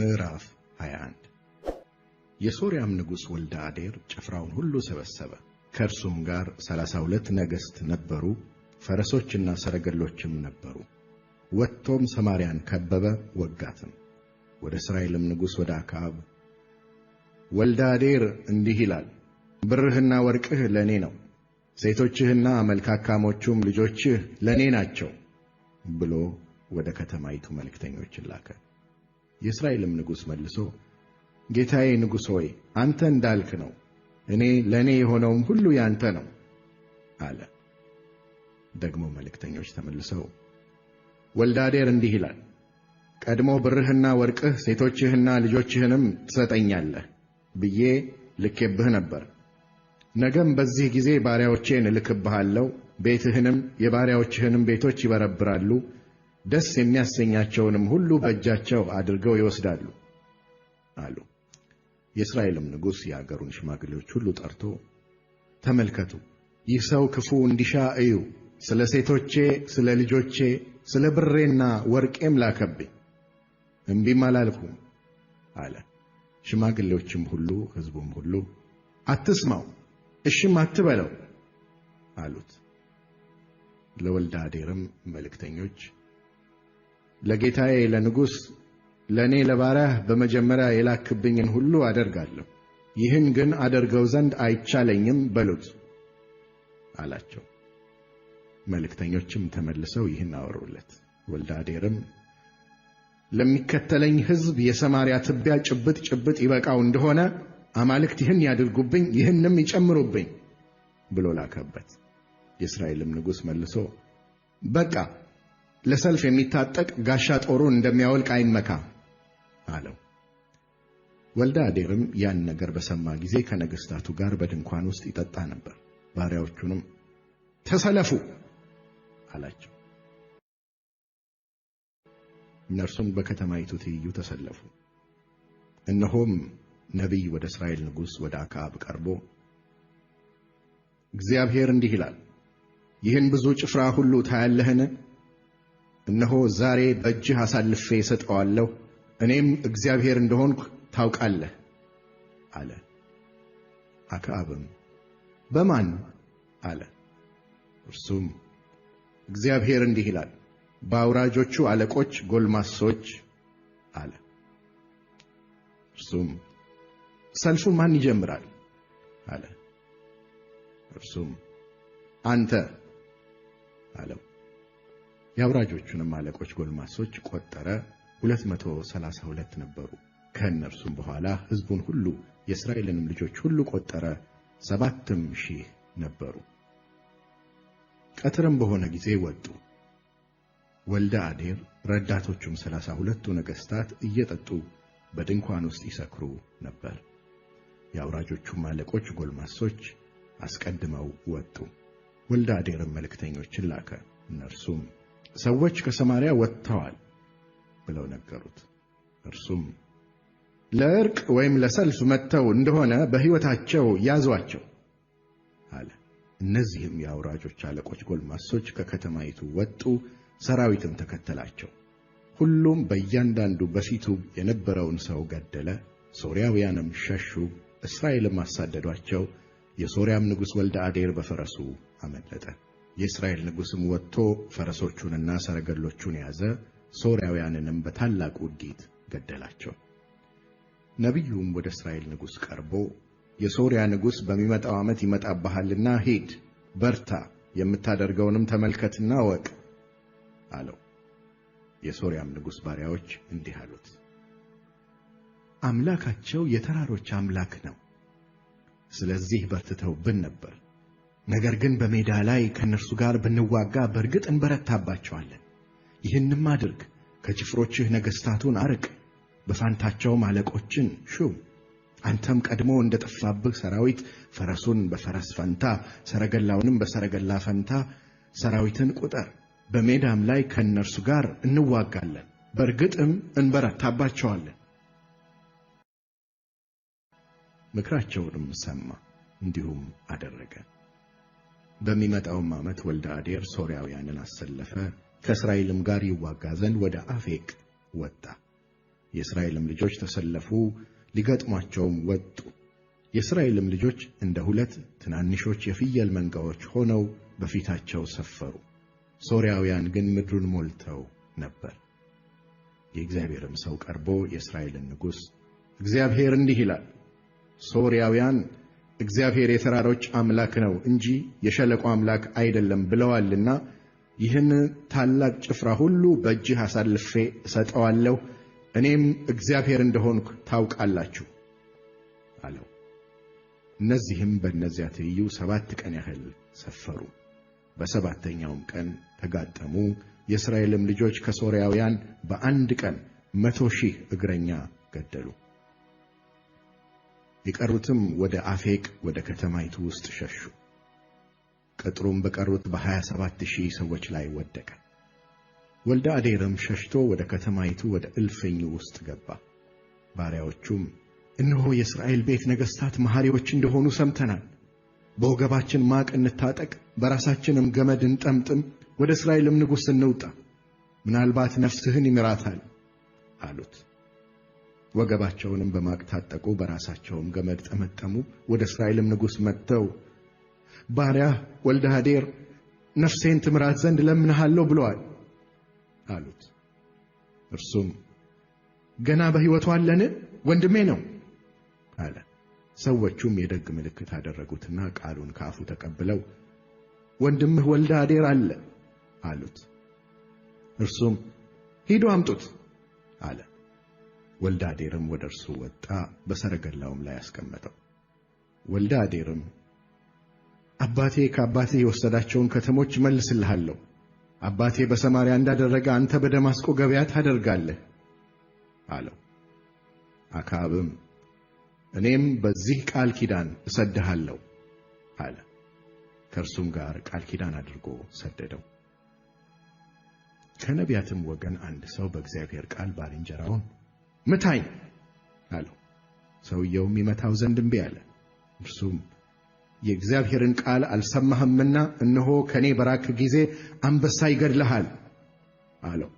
ምዕራፍ 21 የሶርያም ንጉሥ ወልደ አዴር ጭፍራውን ሁሉ ሰበሰበ። ከእርሱም ጋር ሠላሳ ሁለት ነገሥት ነበሩ፣ ፈረሶችና ሰረገሎችም ነበሩ። ወጥቶም ሰማርያን ከበበ፣ ወጋትም። ወደ እስራኤልም ንጉሥ ወደ አክዓብ ወልደ አዴር እንዲህ ይላል፣ ብርህና ወርቅህ ለእኔ ነው፣ ሴቶችህና መልካካሞቹም ልጆችህ ለእኔ ናቸው ብሎ ወደ ከተማይቱ መልእክተኞችን ላከ። የእስራኤልም ንጉሥ መልሶ ጌታዬ ንጉሥ ሆይ አንተ እንዳልክ ነው፣ እኔ ለእኔ የሆነውም ሁሉ ያንተ ነው አለ። ደግሞ መልእክተኞች ተመልሰው ወልዳዴር እንዲህ ይላል፣ ቀድሞ ብርህና ወርቅህ ሴቶችህና ልጆችህንም ትሰጠኛለህ ብዬ ልኬብህ ነበር። ነገም በዚህ ጊዜ ባሪያዎቼን እልክብሃለሁ፣ ቤትህንም የባሪያዎችህንም ቤቶች ይበረብራሉ ደስ የሚያሰኛቸውንም ሁሉ በእጃቸው አድርገው ይወስዳሉ አሉ። የእስራኤልም ንጉሥ የአገሩን ሽማግሌዎች ሁሉ ጠርቶ ተመልከቱ፣ ይህ ሰው ክፉ እንዲሻ እዩ። ስለ ሴቶቼ፣ ስለ ልጆቼ፣ ስለ ብሬና ወርቄም ላከብኝ፣ እምቢም አላልኩም አለ። ሽማግሌዎችም ሁሉ ሕዝቡም ሁሉ አትስማው፣ እሽም አትበለው አሉት። ለወልደ አዴርም መልእክተኞች ለጌታዬ ለንጉሥ ለእኔ ለባሪያህ በመጀመሪያ የላክብኝን ሁሉ አደርጋለሁ። ይህን ግን አደርገው ዘንድ አይቻለኝም በሉት አላቸው። መልእክተኞችም ተመልሰው ይህን አወሩለት። ወልዳዴርም ለሚከተለኝ ሕዝብ የሰማርያ ትቢያ ጭብጥ ጭብጥ ይበቃው እንደሆነ አማልክት ይህን ያድርጉብኝ፣ ይህንም ይጨምሩብኝ ብሎ ላከበት። የእስራኤልም ንጉሥ መልሶ በቃ ለሰልፍ የሚታጠቅ ጋሻ ጦሩን እንደሚያወልቅ አይመካ አለው። ወልደ አዴርም ያን ነገር በሰማ ጊዜ ከነገሥታቱ ጋር በድንኳን ውስጥ ይጠጣ ነበር። ባሪያዎቹንም ተሰለፉ አላቸው። እነርሱም በከተማይቱ ትይዩ ተሰለፉ። እነሆም ነቢይ ወደ እስራኤል ንጉሥ ወደ አክዓብ ቀርቦ እግዚአብሔር እንዲህ ይላል፣ ይህን ብዙ ጭፍራ ሁሉ ታያለህን? እነሆ ዛሬ በእጅህ አሳልፌ እሰጠዋለሁ፣ እኔም እግዚአብሔር እንደሆንኩ ታውቃለህ አለ። አክዓብም በማን አለ? እርሱም እግዚአብሔር እንዲህ ይላል፣ በአውራጆቹ አለቆች ጎልማሶች አለ። እርሱም ሰልፉ ማን ይጀምራል አለ። እርሱም አንተ አለው። የአውራጆቹንም አለቆች ጎልማሶች ቆጠረ፣ 232 ነበሩ። ከእነርሱም በኋላ ሕዝቡን ሁሉ የእስራኤልንም ልጆች ሁሉ ቆጠረ፣ ሰባትም ሺህ ነበሩ። ቀትርም በሆነ ጊዜ ወጡ። ወልደ አዴር ረዳቶቹም ሠላሳ ሁለቱ ነገሥታት እየጠጡ በድንኳን ውስጥ ይሰክሩ ነበር። የአውራጆቹም አለቆች ጎልማሶች አስቀድመው ወጡ። ወልደ አዴርም መልእክተኞችን ላከ። እነርሱም ሰዎች ከሰማርያ ወጥተዋል ብለው ነገሩት። እርሱም ለእርቅ ወይም ለሰልፍ መጥተው እንደሆነ በሕይወታቸው ያዟቸው አለ። እነዚህም የአውራጆች አለቆች ጎልማሶች ከከተማይቱ ወጡ፣ ሰራዊትም ተከተላቸው። ሁሉም በእያንዳንዱ በፊቱ የነበረውን ሰው ገደለ። ሶርያውያንም ሸሹ፣ እስራኤልም አሳደዷቸው። የሶርያም ንጉሥ ወልደ አዴር በፈረሱ አመለጠ። የእስራኤል ንጉሥም ወጥቶ ፈረሶቹንና ሰረገሎቹን ያዘ፣ ሶርያውያንንም በታላቅ ውጊት ገደላቸው። ነቢዩም ወደ እስራኤል ንጉሥ ቀርቦ የሶርያ ንጉሥ በሚመጣው ዓመት ይመጣብሃልና ሂድ፣ በርታ፣ የምታደርገውንም ተመልከትና ወቅ አለው። የሶርያም ንጉሥ ባሪያዎች እንዲህ አሉት፣ አምላካቸው የተራሮች አምላክ ነው፣ ስለዚህ በርትተውብን ነበር ነገር ግን በሜዳ ላይ ከእነርሱ ጋር ብንዋጋ በእርግጥ እንበረታባቸዋለን። ይህንም አድርግ፣ ከጭፍሮችህ ነገሥታቱን አርቅ፣ በፋንታቸውም አለቆችን ሹም። አንተም ቀድሞ እንደ ጠፋብህ ሰራዊት ፈረሱን በፈረስ ፈንታ፣ ሰረገላውንም በሰረገላ ፈንታ ሰራዊትን ቁጠር። በሜዳም ላይ ከእነርሱ ጋር እንዋጋለን፣ በእርግጥም እንበረታባቸዋለን። ምክራቸውንም ሰማ፣ እንዲሁም አደረገን። በሚመጣውም ዓመት ወልደ አዴር ሶርያውያንን አሰለፈ፣ ከእስራኤልም ጋር ይዋጋ ዘንድ ወደ አፌቅ ወጣ። የእስራኤልም ልጆች ተሰለፉ፣ ሊገጥሟቸውም ወጡ። የእስራኤልም ልጆች እንደ ሁለት ትናንሾች የፍየል መንጋዎች ሆነው በፊታቸው ሰፈሩ። ሶርያውያን ግን ምድሩን ሞልተው ነበር። የእግዚአብሔርም ሰው ቀርቦ የእስራኤልን ንጉሥ፣ እግዚአብሔር እንዲህ ይላል ሶርያውያን እግዚአብሔር የተራሮች አምላክ ነው እንጂ የሸለቆ አምላክ አይደለም ብለዋልና ይህን ታላቅ ጭፍራ ሁሉ በእጅህ አሳልፌ እሰጠዋለሁ፣ እኔም እግዚአብሔር እንደሆንኩ ታውቃላችሁ አለው። እነዚህም በእነዚያ ትይዩ ሰባት ቀን ያህል ሰፈሩ። በሰባተኛውም ቀን ተጋጠሙ። የእስራኤልም ልጆች ከሶርያውያን በአንድ ቀን መቶ ሺህ እግረኛ ገደሉ። የቀሩትም ወደ አፌቅ ወደ ከተማይቱ ውስጥ ሸሹ። ቅጥሩም በቀሩት በ ሰባት ሺህ ሰዎች ላይ ወደቀ። ወልደ አዴርም ሸሽቶ ወደ ከተማይቱ ወደ እልፍኙ ውስጥ ገባ። ባሪያዎቹም እነሆ የእስራኤል ቤት ነገሥታት መሐሪዎች እንደሆኑ ሰምተናል። በወገባችን ማቅ እንታጠቅ፣ በራሳችንም ገመድ እንጠምጥም፣ ወደ እስራኤልም ንጉሥ እንውጣ፣ ምናልባት ነፍስህን ይምራታል አሉት። ወገባቸውንም በማቅ ታጠቁ፣ በራሳቸውም ገመድ ጠመጠሙ። ወደ እስራኤልም ንጉሥ መጥተው ባሪያ ወልደ አዴር ነፍሴን ትምራት ዘንድ ለምንሃለሁ ብለዋል አሉት። እርሱም ገና በሕይወቱ አለን? ወንድሜ ነው አለ። ሰዎቹም የደግ ምልክት አደረጉትና ቃሉን ከአፉ ተቀብለው ወንድምህ ወልደ አዴር አለ አሉት። እርሱም ሂዱ አምጡት አለ። ወልደ አዴርም ወደ እርሱ ወጣ፣ በሰረገላውም ላይ አስቀመጠው። ወልደ አዴርም አባቴ ከአባቴ የወሰዳቸውን ከተሞች እመልስልሃለሁ፣ አባቴ በሰማርያ እንዳደረገ አንተ በደማስቆ ገበያ ታደርጋለህ አለው። አክዓብም እኔም በዚህ ቃል ኪዳን እሰድሃለሁ አለ። ከእርሱም ጋር ቃል ኪዳን አድርጎ ሰደደው። ከነቢያትም ወገን አንድ ሰው በእግዚአብሔር ቃል ባልንጀራውን ምታኝ አለው። ሰውየውም ይመታው ዘንድ እምቢ አለ። እርሱም የእግዚአብሔርን ቃል አልሰማህምና እነሆ ከእኔ በራክ ጊዜ አንበሳ ይገድልሃል አለው።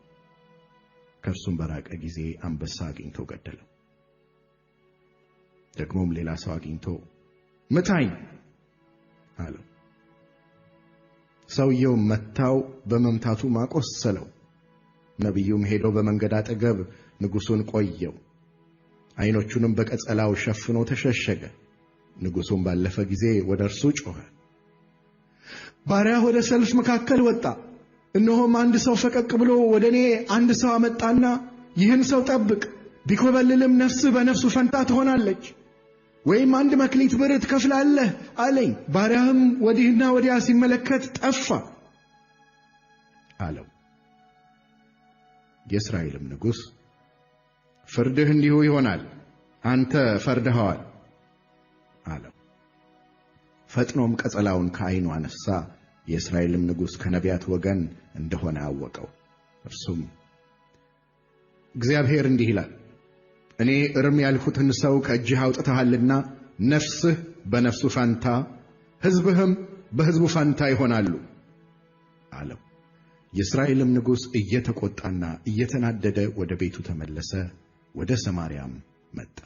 ከእርሱም በራቀ ጊዜ አንበሳ አግኝቶ ገደለው። ደግሞም ሌላ ሰው አግኝቶ ምታኝ አለው። ሰውየውም መታው፣ በመምታቱ ማቆሰለው። ነቢዩም ሄዶ በመንገድ አጠገብ ንጉሡን ቆየው። ዐይኖቹንም በቀጸላው ሸፍኖ ተሸሸገ። ንጉሡም ባለፈ ጊዜ ወደ እርሱ ጮኸ። ባሪያህ ወደ ሰልፍ መካከል ወጣ። እነሆም አንድ ሰው ፈቀቅ ብሎ ወደ እኔ አንድ ሰው አመጣና ይህን ሰው ጠብቅ፣ ቢኮበልልም ነፍስህ በነፍሱ ፈንታ ትሆናለች፣ ወይም አንድ መክሊት ብር ትከፍላለህ አለኝ። ባሪያህም ወዲህና ወዲያ ሲመለከት ጠፋ አለው። የእስራኤልም ንጉሥ ፍርድህ እንዲሁ ይሆናል፣ አንተ ፈርድኸዋል አለው። ፈጥኖም ቀጸላውን ከዐይኑ አነሣ። የእስራኤልም ንጉሥ ከነቢያት ወገን እንደሆነ አወቀው። እርሱም እግዚአብሔር እንዲህ ይላል፣ እኔ እርም ያልሁትን ሰው ከእጅህ አውጥተሃልና ነፍስህ በነፍሱ ፋንታ ሕዝብህም በሕዝቡ ፋንታ ይሆናሉ አለው። የእስራኤልም ንጉሥ እየተቆጣና እየተናደደ ወደ ቤቱ ተመለሰ፣ ወደ ሰማርያም መጣ።